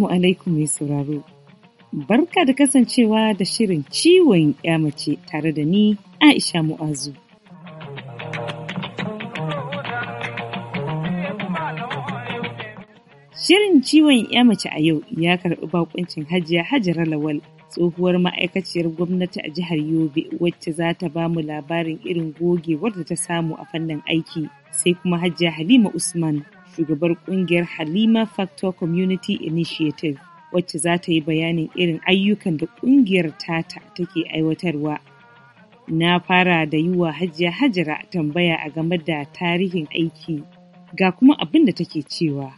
Assalamu alaikum mai sauraro. Barka da kasancewa da shirin ciwon ya mace tare da ni Aisha Mu'azu. Shirin ciwon ya mace a yau ya karɓi bakuncin Hajiya Hajara Lawal tsohuwar ma'aikaciyar gwamnati a jihar Yobe wacce za ta ba mu labarin irin gogewar da ta samu a fannin aiki sai kuma Hajiya Halima Usman shugabar kungiyar Halima Factor Community Initiative wacce za ta yi bayanin irin ayyukan da kungiyar tata take aiwatarwa. Na fara da yi wa Hajiya Hajara tambaya a game da tarihin aiki ga kuma abin da take cewa.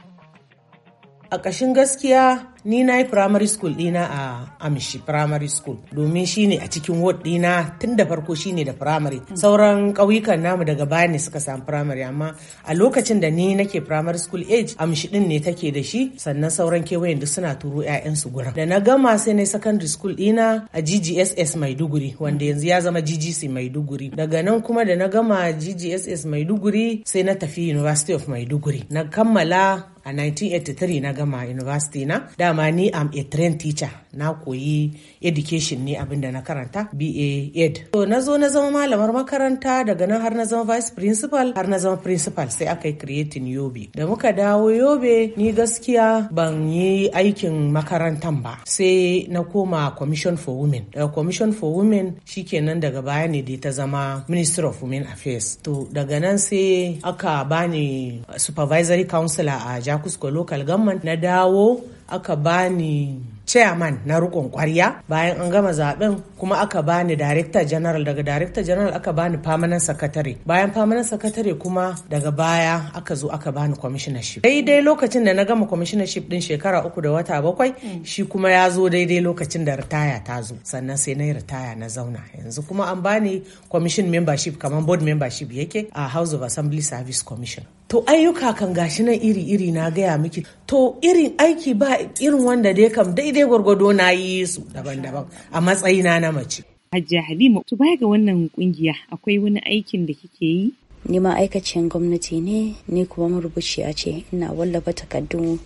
A ƙashin gaskiya ni na yi primary school dina a amshi primary school domin shine a cikin ward dina tun da farko shine da primary sauran kauyukan namu daga baya ne suka samu primary amma a lokacin da ni nake primary school age amshi din ne take da shi sannan sauran kewayen duk suna turo 'ya'yansu gura da na gama sai na secondary school dina a ggss maiduguri wanda yanzu ya zama ggc maiduguri daga nan kuma da na gama ggss maiduguri sai na tafi university of maiduguri na kammala a 1983 na gama university na da dama ni am a trained teacher na koyi education ne abin da na karanta BA Ed. To na zo na zama malamar makaranta daga nan har na zama vice principal har na zama principal sai aka yi creating Yobe. Da muka dawo Yobe ni gaskiya ban yi aikin makarantan ba sai na koma Commission for Women. Daga Commission for Women shikenan daga baya ne dai ta zama Minister of Women Affairs. To daga nan sai aka bani supervisory counselor a Jakusko local government na dawo Akabani. chairman na rukun kwarya bayan an gama zaben kuma aka bani director general daga director general aka bani permanent secretary bayan permanent secretary kuma daga baya aka zo aka bani commissionership daidai lokacin da na gama commissionership din shekara uku da wata bakwai mm. shi kuma ya zo daidai lokacin da ritaya ta zo sannan sai na yi ritaya na zauna yanzu kuma an bani commission membership kamar board membership yake a house of assembly service commission to ayyuka kan gashi nan iri-iri na gaya miki to irin aiki ba irin wanda dai kam daidai daidai gwargwado na yi su daban-daban a matsayina na mace. Hajiya Halima, to baya ga wannan kungiya akwai wani aikin da kike yi? Ni ma'aikaciyar gwamnati ne, ni kuma marubuci a ce, ina wallafa takardu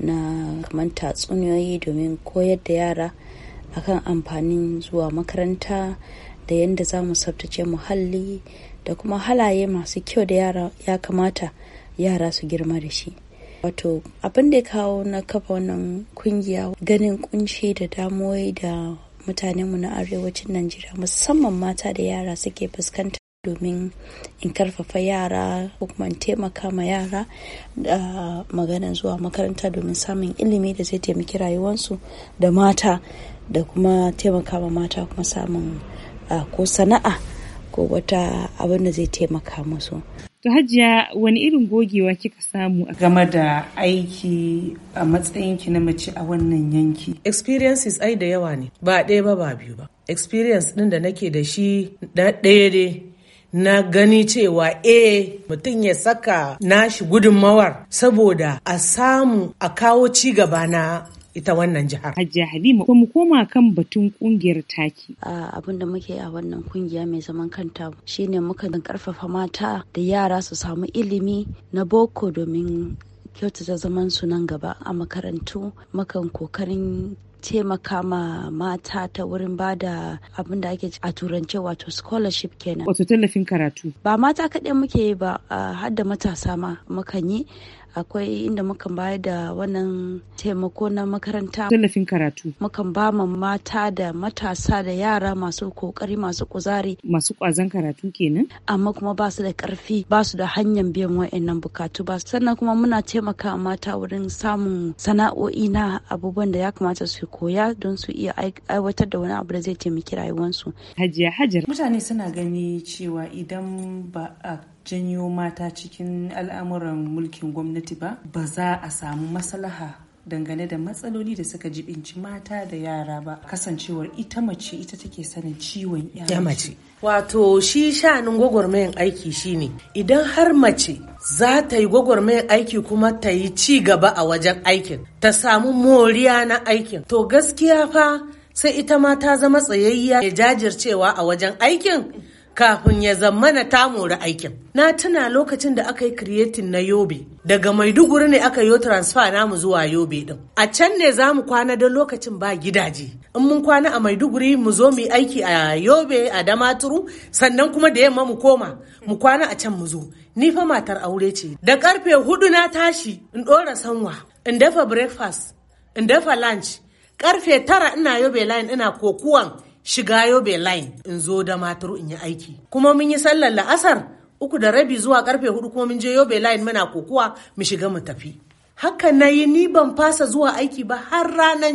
na kamar tatsuniyoyi domin koyar da yara akan amfanin zuwa makaranta da yadda za mu tsabtace muhalli da kuma halaye masu kyau da yara ya kamata yara su girma da shi. wato abin da ya kawo na kafa wannan kungiya ganin kunshi da damuwai da mutanenmu na arewacin najeriya musamman mata da yara suke fuskanta domin in karfafa yara ko kuma in taimaka ma yara da maganan zuwa makaranta domin samun ilimi da zai taimaki rayuwarsu da mata da kuma taimaka ma mata kuma samun ah, ko sana'a ko wata abin da zai taimaka musu To hajiya wani irin gogewa kika samu game da aiki a matsayin ki na mace a wannan yanki? Experiences ai da yawa ne ba ɗaya ba ba biyu ba. Experience ɗin da nake da shi na ɗaya dai na gani cewa eh mutum ya saka nashi gudunmawar saboda a samu a kawo ci gaba na ita wannan jihar. Hajiya Halima ko mu koma kan batun kungiyar taki. Abin da muke a wannan kungiya mai zaman kanta shine muka karfafa mata da yara su samu ilimi na boko domin kyautata zaman su nan gaba a makarantu makan kokarin taimaka ma mata ta wurin ba da abin da ake a turance wato scholarship kenan. Wato tallafin karatu. Ba mata kaɗai muke yi ba har matasa ma mukan yi akwai inda mukan bayar da wannan taimako na makaranta tallafin karatu mukan ba ma mata da matasa da yara masu kokari masu kuzari masu kwazon karatu kenan amma kuma ba su da karfi ba su da hanyar biyan wa'annan bukatu ba sannan kuma muna taimaka mata wurin samun sana'o'i na abubuwan da ya kamata su koya don su iya aiwatar da wani abu da zai taimaki rayuwarsu hajiya hajar mutane suna gani cewa idan ba a janyo mata cikin al'amuran mulkin gwamnati ba ba za a samu maslaha dangane da matsaloli da suka jibinci mata da yara ba kasancewar ita mace ita take sanin ciwon ya mace wato shi sha'anin gwagwarmayan aiki shine idan har mace za ta yi gwagwarmayan aiki kuma ta yi ci gaba a wajen aikin ta samu moriya na aikin to gaskiya fa sai ita ma ta zama tsayayya ya jajircewa a wajen aikin kafin ya zamana ta mori aikin. Na tuna lokacin da aka yi kiretin na Yobe, daga Maiduguri ne aka yi transfer mu zuwa Yobe din. A can ne za mu kwana don lokacin ba gidaje. In mun kwana a Maiduguri mu zo mu yi aiki a Yobe a Damaturu, sannan kuma da yamma mu koma, mu kwana a can mu zo. Ni fa matar aure ce. Da karfe hudu na tashi in dora sanwa, in dafa breakfast, in dafa lunch, karfe tara ina Yobe line ina kokuwan shiga yobe line in zo da matar in yi aiki kuma mun yi sallar la'asar uku da rabi zuwa karfe hudu kuma mun je yobe line muna kokuwa mu shiga mu tafi haka na yi ni ban fasa zuwa aiki ba har ranar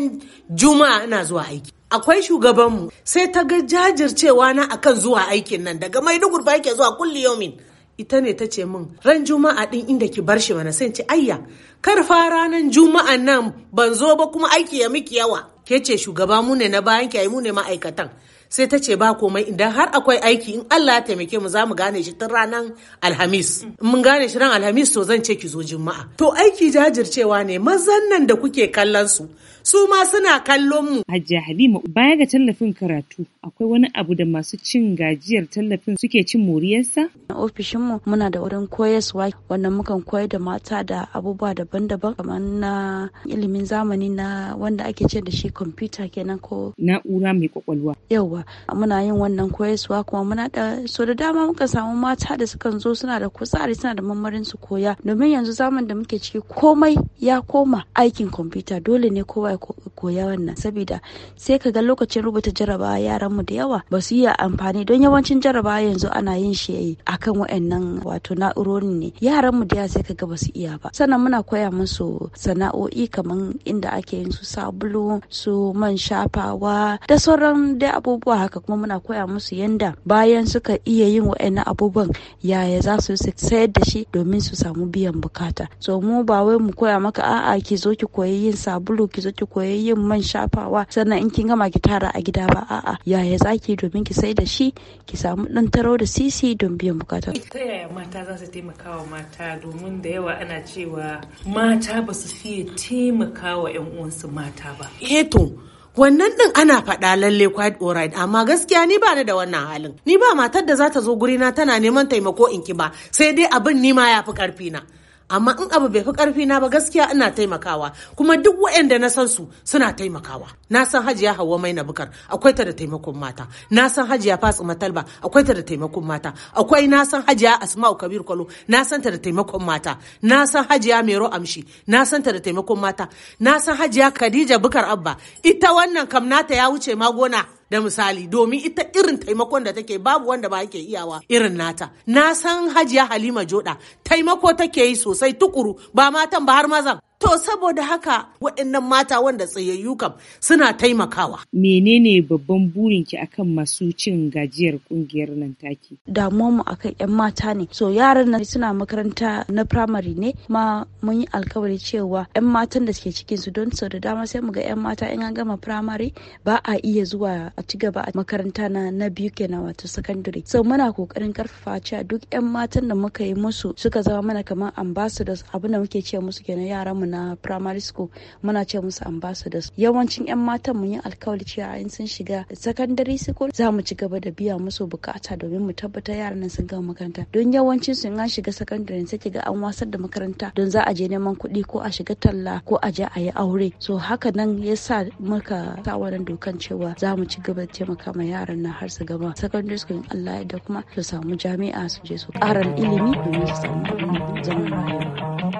juma'a ina zuwa aiki akwai shugabanmu sai ta ga jajircewa na akan zuwa aikin nan daga maiduguri ba yake zuwa kulli yomin ita ne ta ce min ran juma'a din inda ki bar shi mana sai ce ayya kar fa ranar juma'a nan ban zo ba kuma aiki ya miki yawa ke ce shugaba mu ne na bayan ki mu ne ma'aikatan sai ta ce ba komai idan har akwai aiki in Allah ya taimake mu za mu gane shi tun ranar Alhamis. mun gane shi ran Alhamis to zan ce ki zo Juma'a. To aiki jajircewa ne mazan nan da kuke kallon su su ma suna kallon mu. Hajji Halima baya ga tallafin karatu akwai wani abu da masu cin gajiyar tallafin suke cin moriyarsa? A ofishinmu muna da wurin koyaswa wanda mukan koyar da mata da abubuwa daban-daban kamar na ilimin zamani na wanda ake ce da shi kwamfuta kenan ko. Na'ura mai kwakwalwa. Yawwa muna yin wannan koyaswa kuma muna da so da dama muka samu mata da sukan zo suna da kuzari suna da mamarin su koya domin yanzu zaman da muke ciki komai ya koma aikin kwamfuta dole ne kowa kawai koya wannan saboda sai ka ga lokacin rubuta jarabawa yaran mu da yawa ba su yi amfani don yawancin jarabawa yanzu ana yin shi akan wayannan wato na'urorin ne yaran mu da yawa sai ka ga ba su iya ba sannan muna koya musu sana'o'i kamar inda ake yin su sabulu su man shafawa da sauran dai abubuwa haka kuma muna koya musu yanda bayan suka iya yin wayannan abubuwan yaya za su sayar da shi domin su samu biyan bukata so mu ba wai mu koya maka a'a ki zo ki koyi yin sabulu ki zo ki ki koyi yin man shafawa sannan in kin gama ki tara a gida ba a'a yaya zaki domin ki sai da shi ki samu dan taro da sisi don biyan bukata ta yaya mata za su taimaka wa mata domin da yawa ana cewa mata ba su fiye taimaka wa 'yan uwansu mata ba eto eh wannan din ana faɗa lalle quite alright amma gaskiya ni ba ni da wannan halin ni ba matar da za ta zo gurina tana neman taimako in ki ba sai dai abin ni ma ya fi ƙarfi na amma in abu bai fi karfi na ba gaskiya ina taimakawa kuma duk waɗanda na san su suna taimakawa na san hajiya hawa mai na bukar akwai ta da taimakon mata na san hajiya fatsu matalba akwai ta da taimakon mata akwai na san hajiya asma'u kabir kwalo na san ta da taimakon mata na san hajiya mero amshi na san ta da taimakon mata na san hajiya khadija bukar abba ita wannan kam nata ya wuce ma gona da misali domin ita irin taimakon da take babu wanda ba yake iyawa irin nata na san hajiya halima joda taimako take yi sosai tukuru ba matan ba har mazan To saboda haka waɗannan mata wanda tsayayyu kam suna taimakawa. Menene babban burinki akan masu cin gajiyar kungiyar nan take? Damuwar mu akan 'yan mata ne. So yaran nan suna makaranta na primary ne kuma mun yi alkawari cewa 'yan matan da suke cikin su don sau da dama sai mu ga 'yan mata in an gama primary ba a iya zuwa a ci gaba a makaranta na na biyu kenan wato secondary. So muna kokarin karfafa cewa duk 'yan matan da muka yi musu suka zama mana kamar ambassadors abin da muke ce musu kenan yaran mu na primary school muna ce musu ambassadors yawancin 'yan matan mun yi alkawari cewa in sun shiga secondary school za mu ci gaba da biya musu bukata domin mu tabbatar yaran nan sun gama makaranta don yawancin su an shiga secondary sai ga an wasar da makaranta don za a je neman kuɗi ko a shiga talla ko a je a yi aure so haka nan ya sa muka sa wannan dokan cewa za mu ci gaba da taimaka ma yaran nan har su gama secondary school in Allah ya da kuma su samu jami'a su je su ƙara ilimi domin su samu abin zaman rayuwa.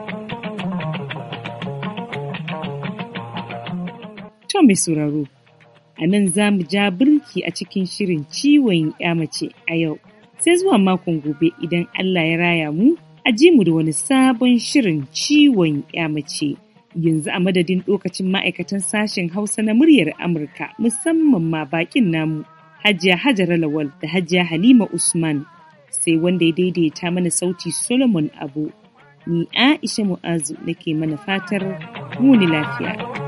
To mai sauraro, a nan za mu ja birki a cikin shirin ciwon ya mace a yau. Sai zuwa makon gobe idan Allah ya raya mu, a ji mu da wani sabon shirin ciwon ya mace. Yanzu a madadin lokacin ma'aikatan sashen Hausa na muryar Amurka musamman ma baƙin namu, Hajiya Hajar Lawal da Hajiya Halima Usman, sai wanda ya daidaita mana sauti Solomon Abu. Ni Aisha Mu'azu nake mana fatar muni lafiya.